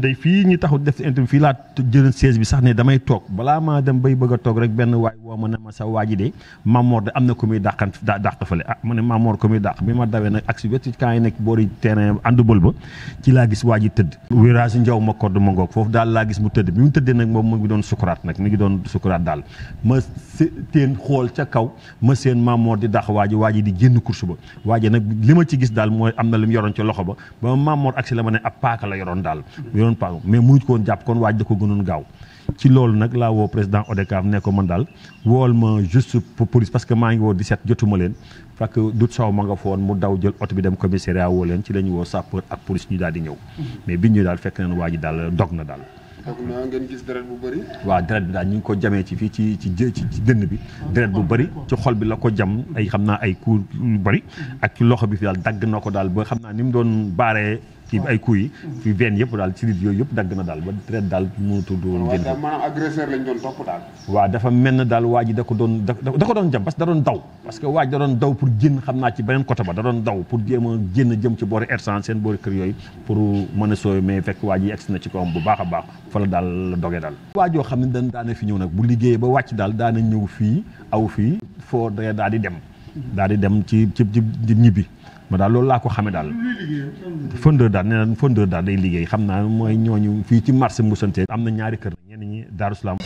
ndey fii ñu taxu def interview fii laa jël siège bi sax ne damay toog balaa maa dem bay bëgg a toog rek benn waay woo waa ji de Mamor am na ku muy dàqan dàq fële ah mu ne Mamor ku muy dàq bi ma dawee nag ak si wetu camp yi nekk boori terrain ànd bël ba ci laa gis waa ma kodd ma ngoog foofu laa gis mu tëdd bi mu tëddee nag moom mu ngi doon sukuraat nag mu ngi doon sukuraat daal ma teen xool ca kaw ma seen Mamor di dàq waa waa ji di génn course ba waa ji nag li ma ci gis daal mooy am na lu mu yoroon ca loxo ba ba Mamor agsi la ma ne ab paaka la yoroon daal doon paagu mais mënuñ ko woon jàpp kon waaj da ko gënoon gaaw ci loolu nag laa woo président ODCAV ne ko man daal wool ma juste police parce que maa ngi woo 17 jotuma leen parce que dut saw ma nga foon mu daw jël oto bi dem commissariat woo leen ci la woo sapeur ak police ñu daal ñëw mhm. mais bi ñu daal fekk neen waa daal dog na daal naa ngeen gis deret bu bëri ah, ci xol bi la ko jam ay xam naa ay coup yu mhm. ak ci loxo bi fi daal dagg na ci ay coups yi. fi veine yëpp daal ci yooyu yëpp dagg na daal ba traite daal mënatul woon. doon topp daal. waaw dafa mel ne daal waa ji da ko doon da ko doon jam parce que da doon daw. parce que waa ji da doon daw pour génn xam naa ci beneen côté ba da doon daw pour jéem a génn jëm ci boori r seen boori kër yooyu pour mën a sooy mais fekk waa ji egsi na ci kawam bu baax a baax fa la daal doge daal. waa joo xam ne dañ daana fi ñëw nag bu liggéeyee ba wàcc daal daana ñëw fii aw fii foo daal d dem daal di dem ci ci ci ñibbi ma daal loolu laa ko xamee daal fondeur daal nee na fondeur daal day liggéey xam naa mooy ñooñu fii ci marché Mboussante am na ñaari kër ñenn ñi Daaru Salaam